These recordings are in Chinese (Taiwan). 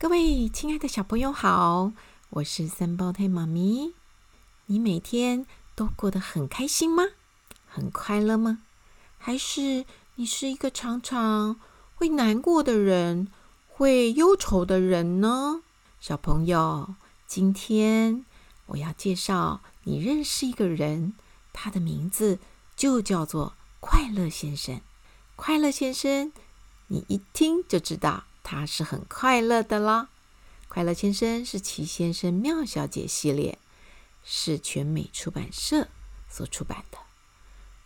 各位親愛的小朋友好，我是三胞胎媽咪。你每天都過得很開心嗎？很快樂嗎？還是你是一個常常會難過的人，會憂愁的人呢？小朋友，今天我要介紹你認識一個人，他的名字就叫做快樂先生。快樂先生，你一聽就知道。他是很快樂的啦！快樂先生是奇先生妙小姐系列，是全美出版社所出版的。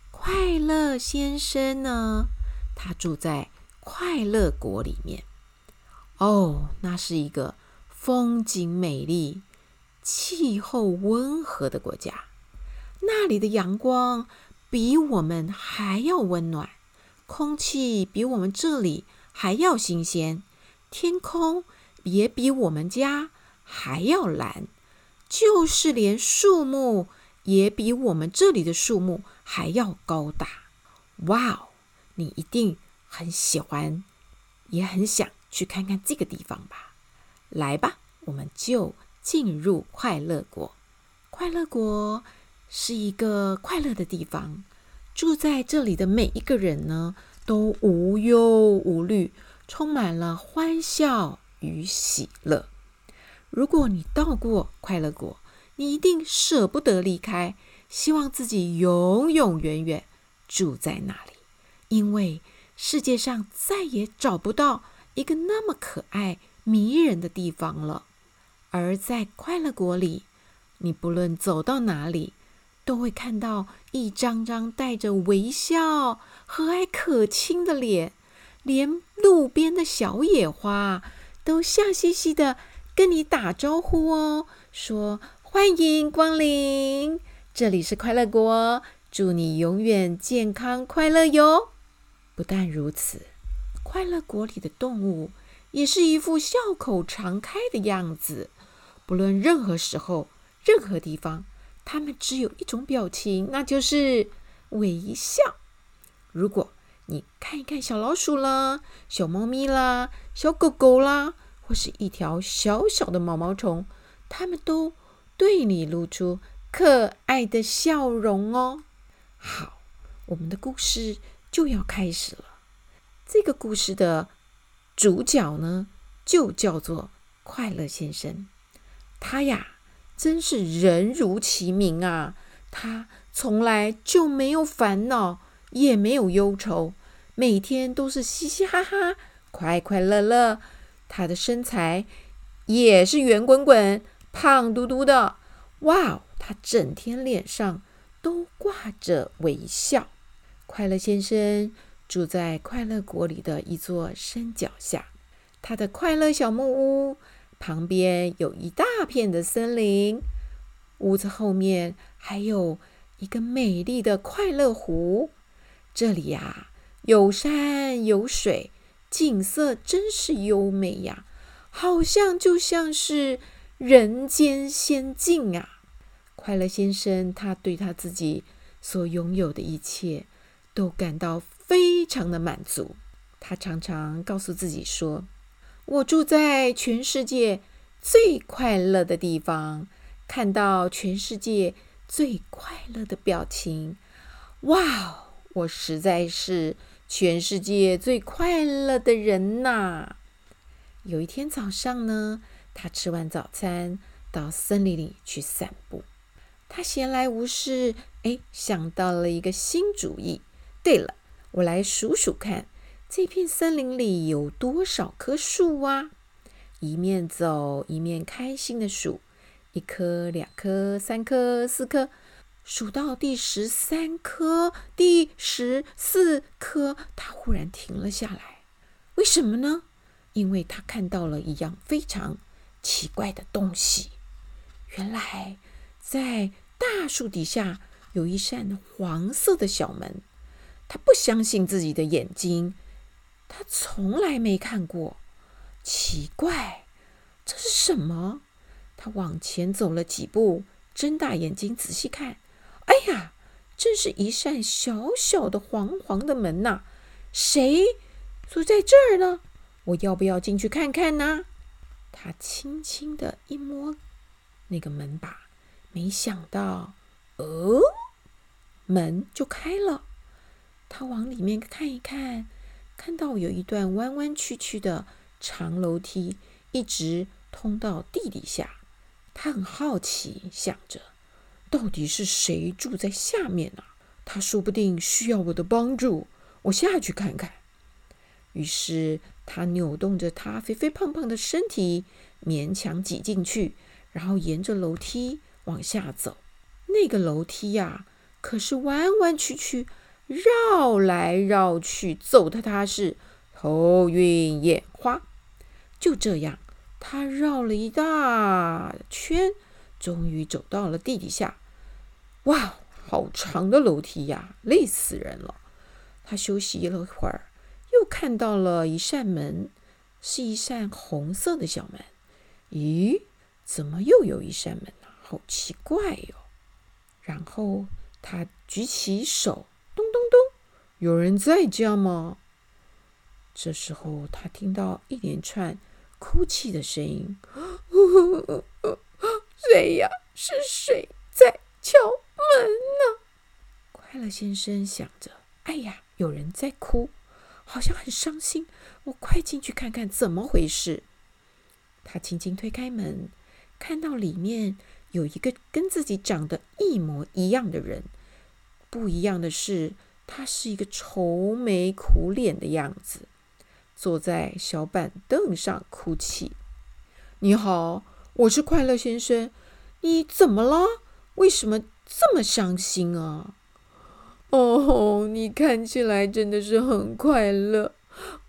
快樂先生呢，他住在快樂國裡面。哦，那是一個風景美麗、氣候溫和的國家。那裡的陽光比我們還要溫暖，空氣比我們這裡還要新鮮。天空也比我們家還要藍，就是連樹木也比我們這裡的樹木還要高大。哇哦，你一定很喜歡，也很想去看看這個地方吧？來吧，我們就進入快樂國。快樂國是一個快樂的地方，住在這裡的每一個人呢，都無憂無慮。充滿了歡笑與喜樂。如果你到過快樂國，你一定捨不得離開，希望自己永永遠遠住在那裡，因為世界上再也找不到一個那麼可愛迷人的地方了。而在快樂國裡，你不論走到哪裡，都會看到一張張帶着微笑、和藹可親的臉。連路邊的小野花都笑嘻嘻的跟你打招呼哦，說歡迎光臨，這裡是快樂國，祝你永遠健康快樂喲。不但如此，快樂國裡的動物也是一副笑口常開的樣子，不論任何時候、任何地方，它們只有一種表情，那就是微笑。如果你看一看小老鼠啦，小貓咪啦，小狗狗啦，或是一條小小的毛毛蟲，它們都對你露出可愛的笑容哦。好，我們的故事就要開始了。這個故事的主角呢，就叫做快樂先生。他呀，真是人如其名啊，他從來就沒有煩惱。也沒有憂愁，每天都是嘻嘻哈哈、快快樂樂。他的身材也是圓滾滾、胖嘟嘟的。哇哦，他整天臉上都掛着微笑。快樂先生住在快樂國裡的一座山腳下，他的快樂小木屋旁邊有一大片的森林，屋子後面還有一個美麗的快樂湖。這裡呀，有山有水，景色真是優美呀，好像就像是人間仙境啊！快樂先生他對他自己所擁有的一切都感到非常的滿足。他常常告訴自己說：“我住在全世界最快樂的地方，看到全世界最快樂的表情。”哇哦！我實在是全世界最快樂的人吶！有一天早上呢，他吃完早餐，到森林裡去散步。他閒來無事，哎，想到了一個新主意。對了，我來數數看，這片森林裡有多少棵樹啊？一面走，一面開心的數，一棵，兩棵，三棵，四棵。數到第十三顆、第十四顆，他忽然停了下來。為什麼呢？因為他看到了一樣非常奇怪的東西。原來，在大樹底下有一扇黃色的小門。他不相信自己的眼睛，他從來沒看過。奇怪，這是什麼？他往前走了幾步，睜大眼睛仔細看。哎、呀，真是一扇小小的黃黃的門吶、啊，誰住在這兒呢？我要不要進去看看呢？他輕輕的一摸那個門把，沒想到，哦，門就開了。他往裡面看一看，看到有一段彎彎曲曲的長樓梯，一直通到地底下。他很好奇，想着。到底是誰住在下面呢、啊？他說不定需要我的幫助，我下去看看。於是他扭動着他肥肥胖胖的身體，勉強擠進去，然後沿着樓梯往下走。那個樓梯呀、啊，可是彎彎曲曲，繞來繞去，走的他是頭暈眼花。就這樣，他繞了一大圈，終於走到了地底下。哇，好長的樓梯呀、啊，累死人了。他休息了一會兒，又看到了一扇門，是一扇紅色的小門。咦，怎麼又有一扇門呢、啊？好奇怪喲、哦。然後他舉起手，咚咚咚，有人在家嗎？這時候他聽到一連串哭泣的聲音，嗚嗚嗚。誰呀？是誰在敲？快樂先生想着：“哎呀，有人在哭，好像很傷心。我快進去看看怎麼回事。”他輕輕推開門，看到裡面有一個跟自己長得一模一樣的人，不一樣的是，他是一個愁眉苦臉的樣子，坐在小板凳上哭泣。“你好，我是快樂先生，你怎麼了？為什麼這麼傷心啊？”哦吼，你看起來真的是很快樂。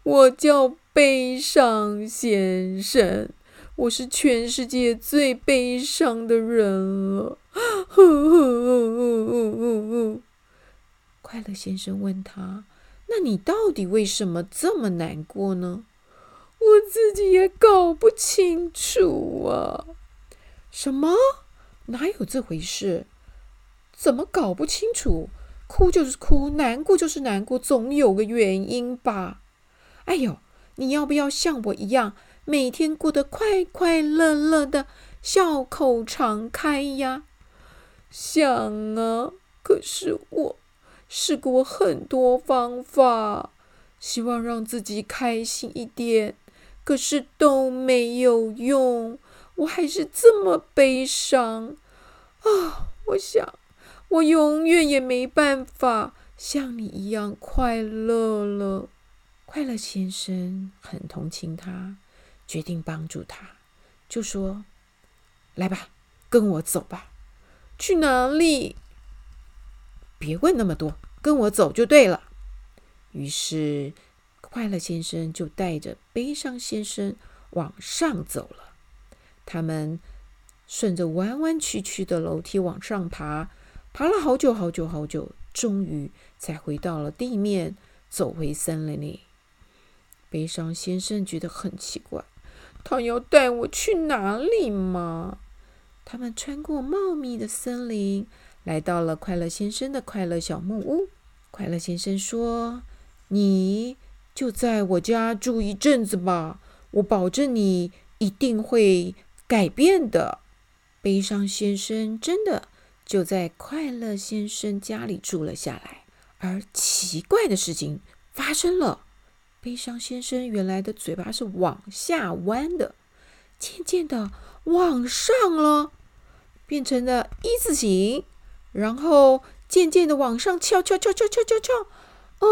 我叫悲傷先生，我是全世界最悲傷的人了。哼哼哼哼哼哼。快樂先生問他：“那你到底為什麼這麼難過呢？”我自己也搞不清楚啊。什麼？哪有這回事？怎麼搞不清楚？哭就是哭，難過就是難過，總有個原因吧。哎呦，你要不要像我一樣，每天過得快快樂樂的，笑口常開呀？想啊，可是我試過很多方法，希望讓自己開心一點，可是都沒有用，我還是這麼悲傷。啊，我想。我永遠也沒辦法像你一樣快樂了。快樂先生很同情他，決定幫助他，就說：“來吧，跟我走吧。去哪裡？別問那麼多，跟我走就對了。”於是，快樂先生就帶着悲傷先生往上走了。他們順着彎彎曲曲的樓梯往上爬。爬了好久好久好久，終於才回到了地面，走回森林裡。悲傷先生覺得很奇怪，他要帶我去哪裡嗎？他們穿過茂密的森林，來到了快樂先生的快樂小木屋。快樂先生說：“你就在我家住一陣子吧，我保證你一定會改變的。”悲傷先生真的。就在快樂先生家裡住了下來，而奇怪的事情發生了。悲傷先生原來的嘴巴是往下彎的，漸漸的往上了，變成了一字形，然後漸漸的往上翹，翹，翹，翹，翹，翹，翹。哦，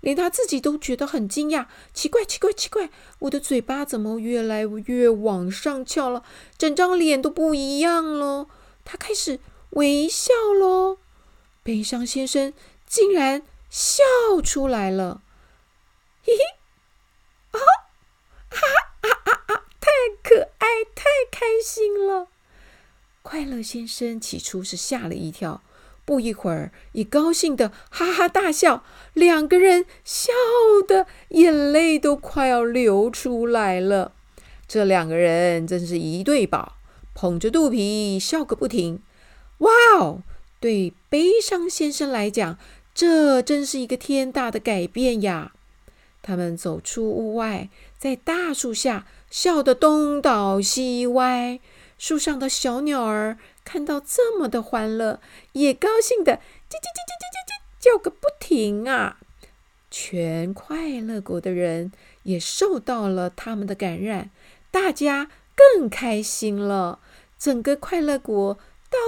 連他自己都覺得很驚訝，奇怪，奇怪，奇怪，我的嘴巴怎麼越來越往上翹了？整張臉都不一樣了。他開始。微笑咯，悲傷先生竟然笑出來了，嘿嘿，啊，哈哈哈哈、啊，啊！太可愛，太開心了。快樂先生起初是嚇了一跳，不一會兒也高興地哈哈大笑，兩個人笑得眼淚都快要流出來了。這兩個人真是一對寶，捧着肚皮笑個不停。哇哦！Wow, 對悲傷先生來講，這真是一個天大的改變呀！他們走出屋外，在大樹下笑得東倒西歪。樹上的小鳥兒看到這麼的歡樂，也高興地嘰嘰嘰嘰嘰嘰叫個不停啊！全快樂國的人也受到了他們的感染，大家更開心了。整個快樂國。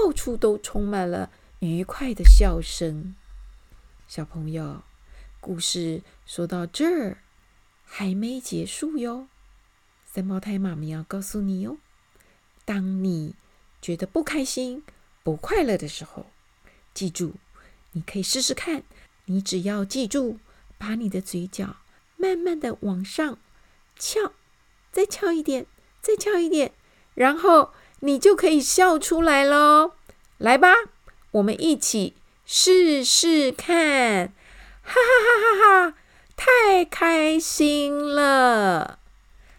到處都充滿了愉快的笑聲。小朋友，故事說到這兒還沒結束喲。三胞胎媽媽要告訴你喲，當你覺得不開心、不快樂的時候，記住，你可以試試看。你只要記住，把你的嘴角慢慢的往上翹，再翹一點，再翹一點，然後。你就可以笑出來嘍！來吧，我們一起試試看，哈哈哈哈哈，太開心了！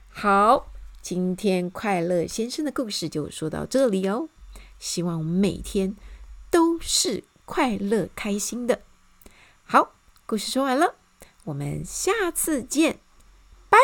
好，今天快樂先生的故事就說到這裡哦，希望我們每天都是快樂開心的。好，故事說完了，我們下次見，拜。